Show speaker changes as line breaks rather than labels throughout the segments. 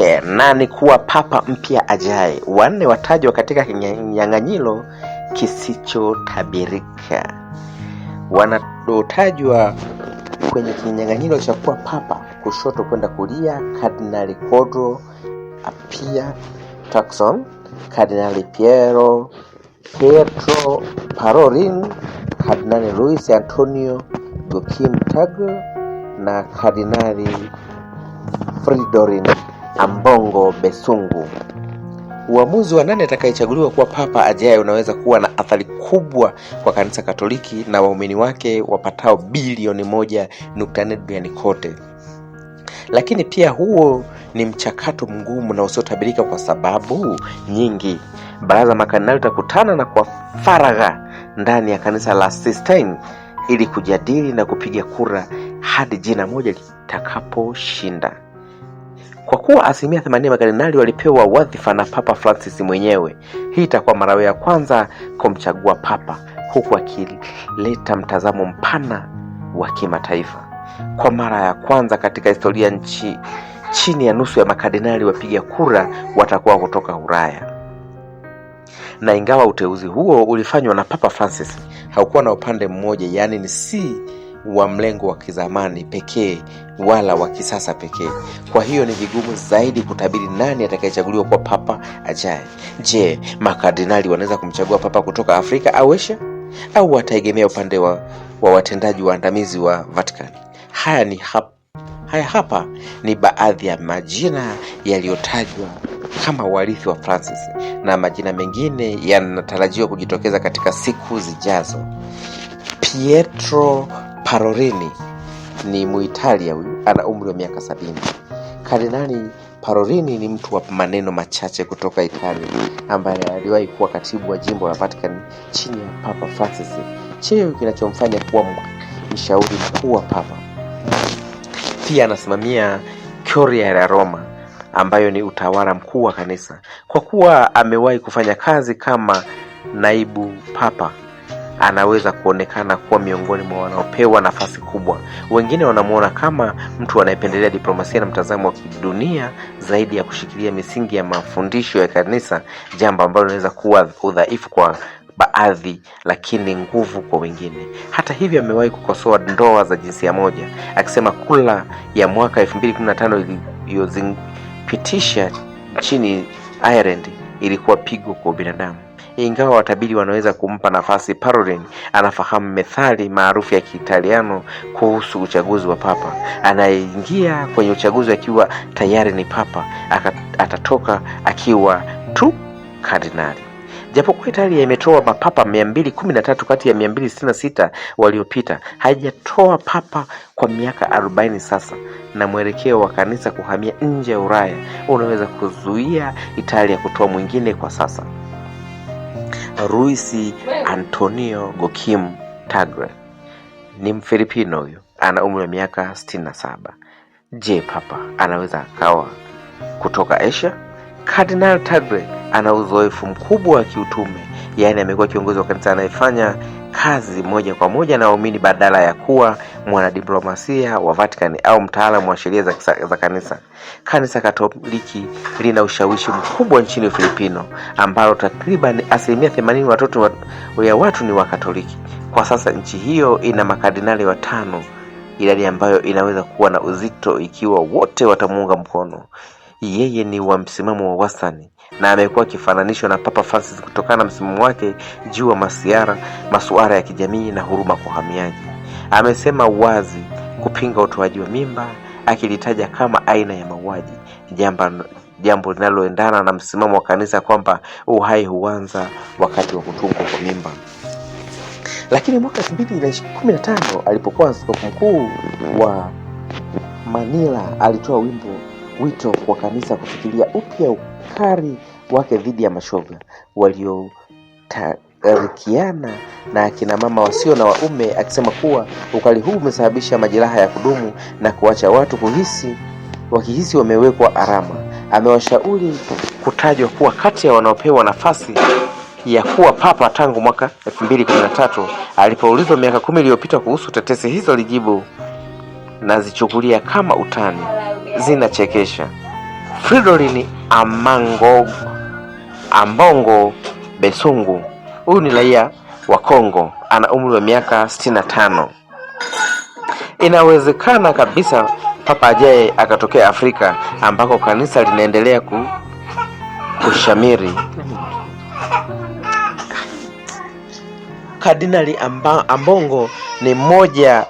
E, na ni kuwa papa mpya ajaye, wanne watajwa katika kinyang'anyiro kisichotabirika. Wanaotajwa kwenye kinyang'anyiro cha kuwa papa, kushoto kwenda kulia, Kardinali kodro Apia Takson, Kardinali Piero Pietro Parolin, Kardinali Luis Antonio Gokim Tagle na Kardinali Fridorin Ambongo Besungu. Uamuzi wa nani atakayechaguliwa kuwa papa ajaye unaweza kuwa na athari kubwa kwa kanisa Katoliki na waumini wake wapatao bilioni moja nukta nne duniani kote. Lakini pia huo ni mchakato mgumu na usiotabirika kwa sababu nyingi. Baraza makardinali litakutana na kwa faragha ndani ya kanisa la Sistine ili kujadili na kupiga kura hadi jina moja litakaposhinda. Kwa kuwa asilimia 80 makardinali walipewa wadhifa na Papa Francis mwenyewe, hii itakuwa mara ya kwanza kumchagua papa, huku akileta mtazamo mpana wa kimataifa. Kwa mara ya kwanza katika historia nchi, chini ya nusu ya makardinali wapiga kura watakuwa kutoka Ulaya. Na ingawa uteuzi huo ulifanywa na Papa Francis, haukuwa na upande mmoja, yaani ni si wa mlengo wa kizamani pekee wala wa kisasa pekee. Kwa hiyo ni vigumu zaidi kutabiri nani atakayechaguliwa kwa papa ajaye. Je, makardinali wanaweza kumchagua papa kutoka Afrika au Asia au wataegemea upande wa, wa watendaji waandamizi wa Vatican? Haya ni hap, haya hapa ni baadhi ya majina yaliyotajwa kama uharithi wa Francis na majina mengine yanatarajiwa kujitokeza katika siku zijazo. Pietro Parolini ni Muitalia huyu, ana umri wa miaka sabini. Kardinali Parolini ni mtu wa maneno machache kutoka Italia ambaye aliwahi kuwa katibu wa jimbo la Vatican chini ya Papa Francis, cheo kinachomfanya kuwa mshauri mkuu wa Papa. Pia anasimamia Curia ya Roma ambayo ni utawala mkuu wa kanisa. Kwa kuwa amewahi kufanya kazi kama naibu papa anaweza kuonekana kuwa miongoni mwa wanaopewa nafasi kubwa. Wengine wanamwona kama mtu anayependelea diplomasia na mtazamo wa kidunia zaidi ya kushikilia misingi ya mafundisho ya kanisa, jambo ambalo linaweza kuwa udhaifu kwa baadhi lakini nguvu kwa wengine. Hata hivyo, amewahi kukosoa ndoa za jinsia moja akisema kula ya mwaka 2015 iliyozipitisha nchini Ireland ilikuwa pigo kwa binadamu. Ingawa watabiri wanaweza kumpa nafasi, Parolin anafahamu methali maarufu ya Kiitaliano kuhusu uchaguzi wa papa. Anayeingia kwenye uchaguzi akiwa tayari ni papa atatoka akiwa tu kardinali. Japokuwa Italia imetoa mapapa 213 kati ya 266 waliopita, haijatoa papa kwa miaka 40 sasa, na mwelekeo wa kanisa kuhamia nje ya Ulaya unaweza kuzuia Italia kutoa mwingine kwa sasa. Ruisi Antonio Gokim Tagre ni Mfilipino huyu, ana umri wa miaka 67. Je, papa anaweza akawa kutoka Asia? Kardinal Tagre ana uzoefu mkubwa wa kiutume, yaani amekuwa kiongozi wa kanisa anayefanya kazi moja kwa moja na waumini badala ya kuwa mwanadiplomasia wa Vatican au mtaalamu wa sheria za, za kanisa. Kanisa Katoliki lina ushawishi mkubwa nchini Ufilipino ambalo takriban asilimia themanini watoto wa, ya watu ni Wakatoliki. Kwa sasa nchi hiyo ina makardinali watano, idadi ambayo inaweza kuwa na uzito ikiwa wote watamuunga mkono. Yeye ni wa msimamo wa wastani na amekuwa akifananishwa na Papa Francis kutokana na msimamo wake juu ya masiara masuala ya kijamii na huruma kwa wahamiaji. Amesema wazi kupinga utoaji wa mimba, akilitaja kama aina ya mauaji, jambo jambo linaloendana na msimamo wa kanisa kwamba uhai huanza wakati wa kutungwa kwa mimba. Lakini mwaka 2015 alipokuwa askofu mkuu wa Manila alitoa wimbo wito kwa kanisa kufikiria upya ukari wake dhidi ya mashoga waliotarikiana na akina mama wasio na waume, akisema kuwa ukali huu umesababisha majeraha ya kudumu na kuacha watu kuhisi wakihisi wamewekwa alama. Amewashauri kutajwa kuwa kati ya wanaopewa nafasi ya kuwa papa tangu mwaka 2013. Alipoulizwa miaka kumi iliyopita kuhusu tetesi hizo, alijibu nazichukulia kama utani, zinachekesha. Fridolin Amango Ambongo Besungu. Huyu ni raia wa Kongo, ana umri wa miaka 65 Inawezekana kabisa papa ajaye akatokea Afrika ambako kanisa linaendelea ku, kushamiri. Kardinali Ambongo ni mmoja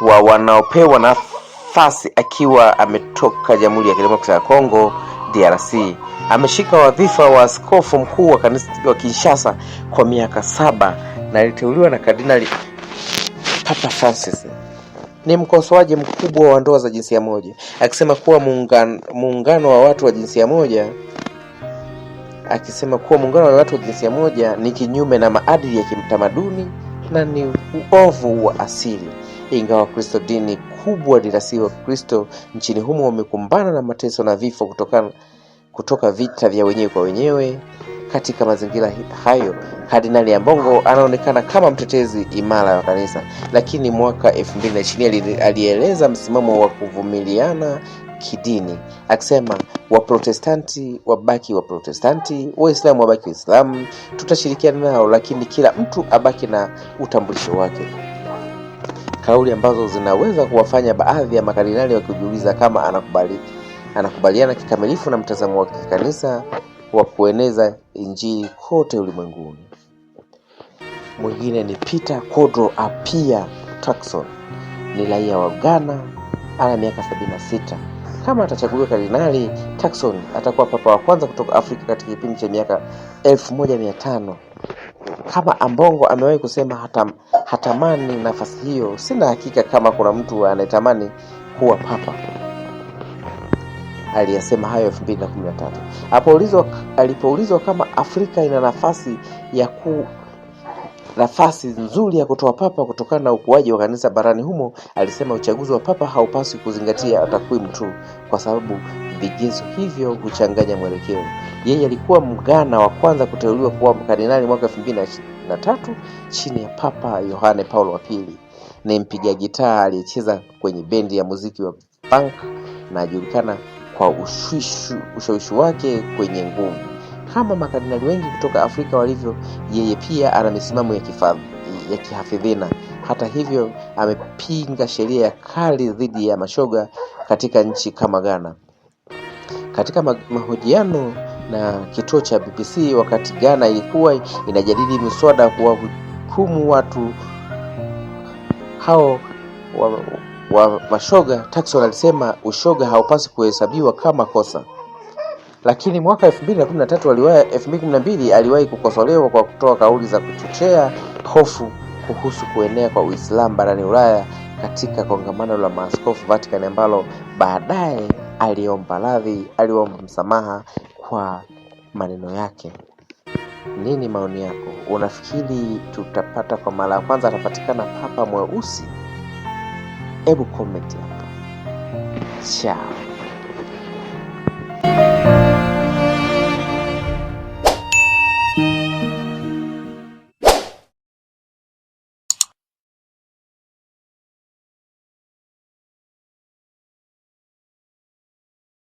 wa wanaopewa nafasi akiwa ametoka Jamhuri ya Kidemokrasia ya Kongo DRC ameshika wadhifa wa askofu mkuu wa kanisa wa Kinshasa kwa miaka saba na aliteuliwa na Kardinali Papa Francis. Ni mkosoaji mkubwa wa ndoa za jinsia moja, akisema kuwa muungano wa watu wa jinsia moja akisema kuwa muungano wa watu wa jinsia moja ni kinyume na maadili ya kimtamaduni na ni uovu wa asili. Ingawa Kristo dini kubwa wa Kristo nchini humo wamekumbana na mateso na vifo kutoka, kutoka vita vya wenyewe kwa wenyewe. Katika mazingira hayo Kardinali Ambongo anaonekana kama mtetezi imara wa kanisa, lakini mwaka 2020 alieleza msimamo wa kuvumiliana kidini akisema, Waprotestanti wabaki Waprotestanti, Waislamu wabaki Waislamu, tutashirikiana nao, lakini kila mtu abaki na utambulisho wake kauli ambazo zinaweza kuwafanya baadhi ya makardinali wakijiuliza kama anakubali, anakubaliana kikamilifu na mtazamo wa kikanisa wa kueneza Injili kote ulimwenguni. Mwingine ni Peter Kodro Apia Turkson, ni raia wa Ghana, ana miaka 76. Kama atachaguliwa kardinali, Turkson atakuwa papa wa kwanza kutoka Afrika katika kipindi cha miaka 1500 kama Ambongo amewahi kusema hatam, hatamani nafasi hiyo. Sina hakika kama kuna mtu anayetamani kuwa papa. Aliyasema hayo 2013 apoulizwa, alipoulizwa kama Afrika ina nafasi ya ku nafasi nzuri ya kutoa papa kutokana na ukuaji wa kanisa barani humo, alisema uchaguzi wa papa haupaswi kuzingatia takwimu tu, kwa sababu Vigezo hivyo huchanganya mwelekeo. Yeye alikuwa mgana wa kwanza kuteuliwa kuwa kardinali mwaka tatu chini ya Papa Yohane Paulo wa Pili. Ni mpiga gitaa aliyecheza kwenye bendi ya muziki wa punk na ajulikana kwa ushawishi wake kwenye ngumi. Kama makardinali wengi kutoka Afrika walivyo, yeye pia ana misimamo ya kifadhi ya kihafidhina. Hata hivyo, amepinga sheria ya kali dhidi ya mashoga katika nchi kama Ghana. Katika mahojiano na kituo cha BBC wakati Ghana ilikuwa inajadili mswada kuwahukumu watu hao wa, wa mashoga, Turkson alisema ushoga haupaswi kuhesabiwa kama kosa. Lakini mwaka 2013 aliwahi 2012 aliwahi kukosolewa kwa kutoa kauli za kuchochea hofu kuhusu kuenea kwa Uislamu barani Ulaya katika kongamano la maaskofu Vatican ambalo baadaye aliomba radhi, aliomba msamaha kwa maneno yake. Nini maoni yako? Unafikiri tutapata kwa mara ya kwanza atapatikana papa mweusi? Hebu comment hapo. Chao.